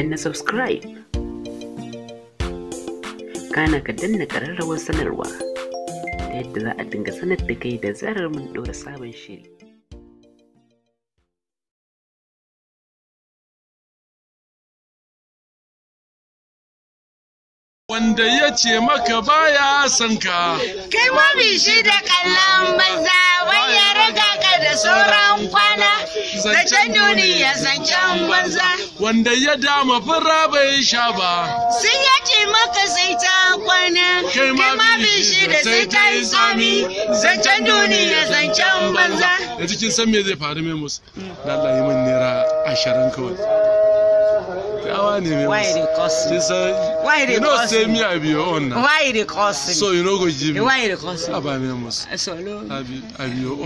danna subscribe kana ka danna ƙararrawar sanarwa ta yadda za a dinga sanar da kai da zarar mun ɗora sabon shiri wanda ya ce maka baya son ka kai ma shi da kallon banza bai zancen duniya zancen banza wanda ya dama fura bai sha ba sun yace maka sai ta kwana kai ma bi shi da sai ta yi tsami zancen duniya zancen banza da cikin san me zai faru mai musu da Allah yi min nera ashirin kawai Our name Why you dey curse She said, Why you dey You know say me I be your own Why you dey curse So you no go give me. Why you dey curse me? your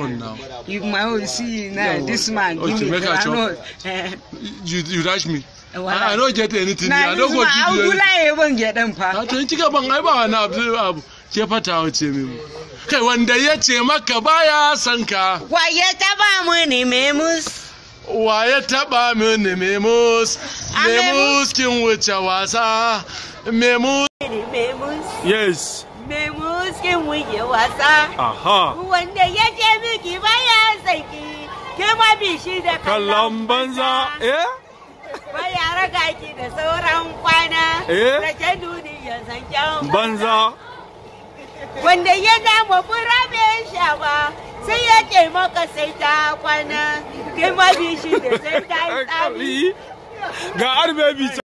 own now. You my own see now yeah, this man okay, give me. make I chop. You you me. Eh, I don't get anything. Na, I don't go give you. Na ni ban get To kika ban ai ba wani abu abu. Ke fata wace me Kai wanda ya ce maka baya sanka waye ya taba mu ne Memus. wa ya taɓa mini memus memus kin wuce wasa memus yes memus kin wuce wasa wanda ya je miki baya saki ke ma bi shi da kallon banza eh baya raga ki da sauran kwana da eh? ke duniya san banza wanda yana mafi rabe shawa sai ya taimaka sai ta kwana taimaki shi da sai ta yi tsari ga arbe